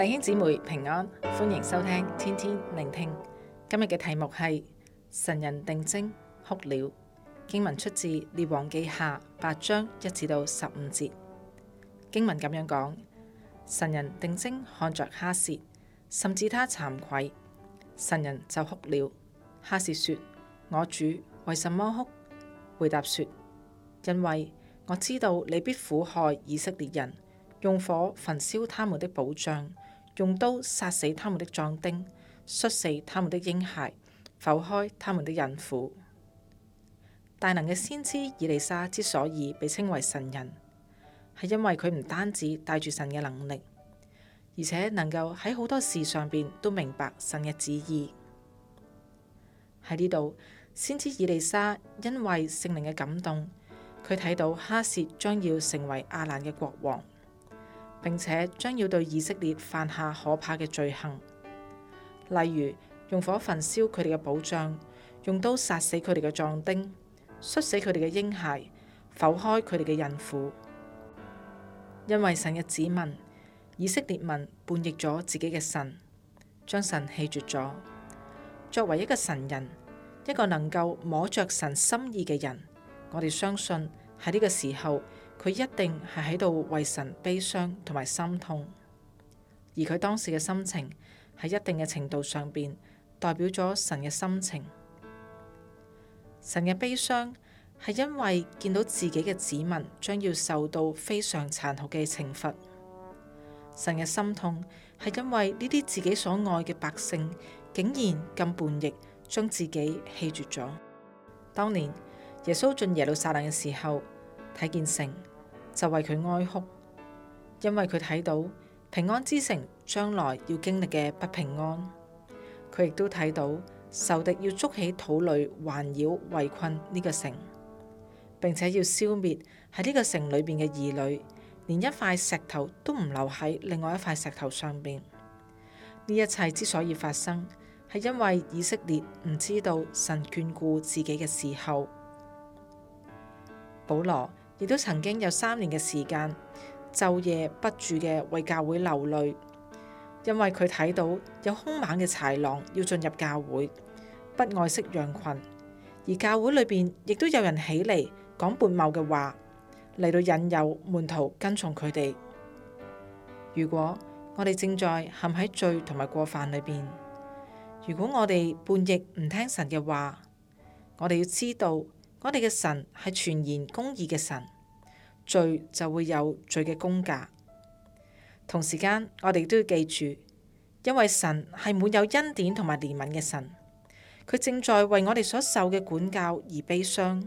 弟兄姊妹平安，歡迎收聽天天聆聽。今日嘅題目係神人定睛哭了。經文出自列王記下八章一至到十五節。經文咁樣講：神人定睛看着哈薛，甚至他慚愧，神人就哭了。哈薛說：我主為什麼哭？回答說：因為我知道你必苦害以色列人，用火焚燒他們的保障。用刀殺死他們的壯丁，摔死他們的嬰孩，剖開他們的孕婦。大能嘅先知以利沙之所以被稱為神人，係因為佢唔單止帶住神嘅能力，而且能夠喺好多事上邊都明白神嘅旨意。喺呢度，先知以利沙因為聖靈嘅感動，佢睇到哈薛將要成為亞蘭嘅國王。並且將要對以色列犯下可怕嘅罪行，例如用火焚燒佢哋嘅保障，用刀殺死佢哋嘅壯丁，摔死佢哋嘅嬰孩，剖開佢哋嘅孕婦。因為神嘅子民以色列民叛逆咗自己嘅神，將神棄絕咗。作為一個神人，一個能夠摸着神心意嘅人，我哋相信喺呢個時候。佢一定係喺度為神悲傷同埋心痛，而佢當時嘅心情喺一定嘅程度上邊，代表咗神嘅心情。神嘅悲傷係因為見到自己嘅子民將要受到非常殘酷嘅懲罰，神嘅心痛係因為呢啲自己所愛嘅百姓竟然咁叛逆，將自己棄絕咗。當年耶穌進耶路撒冷嘅時候，睇見城就為佢哀哭，因為佢睇到平安之城將來要經歷嘅不平安。佢亦都睇到仇敵要築起土壘環繞圍困呢個城，並且要消滅喺呢個城裏邊嘅兒女，連一塊石頭都唔留喺另外一塊石頭上邊。呢一切之所以發生，係因為以色列唔知道神眷顧自己嘅時候。保羅。亦都曾經有三年嘅時間，晝夜不住嘅為教會流淚，因為佢睇到有兇猛嘅豺狼要進入教會，不愛惜羊群；而教會裏邊亦都有人起嚟講悖謬嘅話，嚟到引誘門徒跟從佢哋。如果我哋正在陷喺罪同埋過犯裏邊，如果我哋悖逆唔聽神嘅話，我哋要知道。我哋嘅神係全然公義嘅神，罪就會有罪嘅工價。同時間，我哋都要記住，因為神係滿有恩典同埋憐憫嘅神，佢正在為我哋所受嘅管教而悲傷，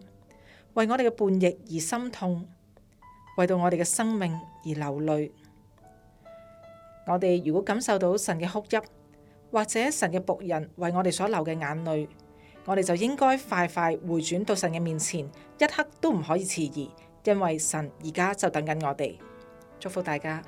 為我哋嘅叛逆而心痛，為到我哋嘅生命而流淚。我哋如果感受到神嘅哭泣，或者神嘅僕人為我哋所流嘅眼淚。我哋就應該快快回轉到神嘅面前，一刻都唔可以遲疑，因為神而家就等緊我哋。祝福大家。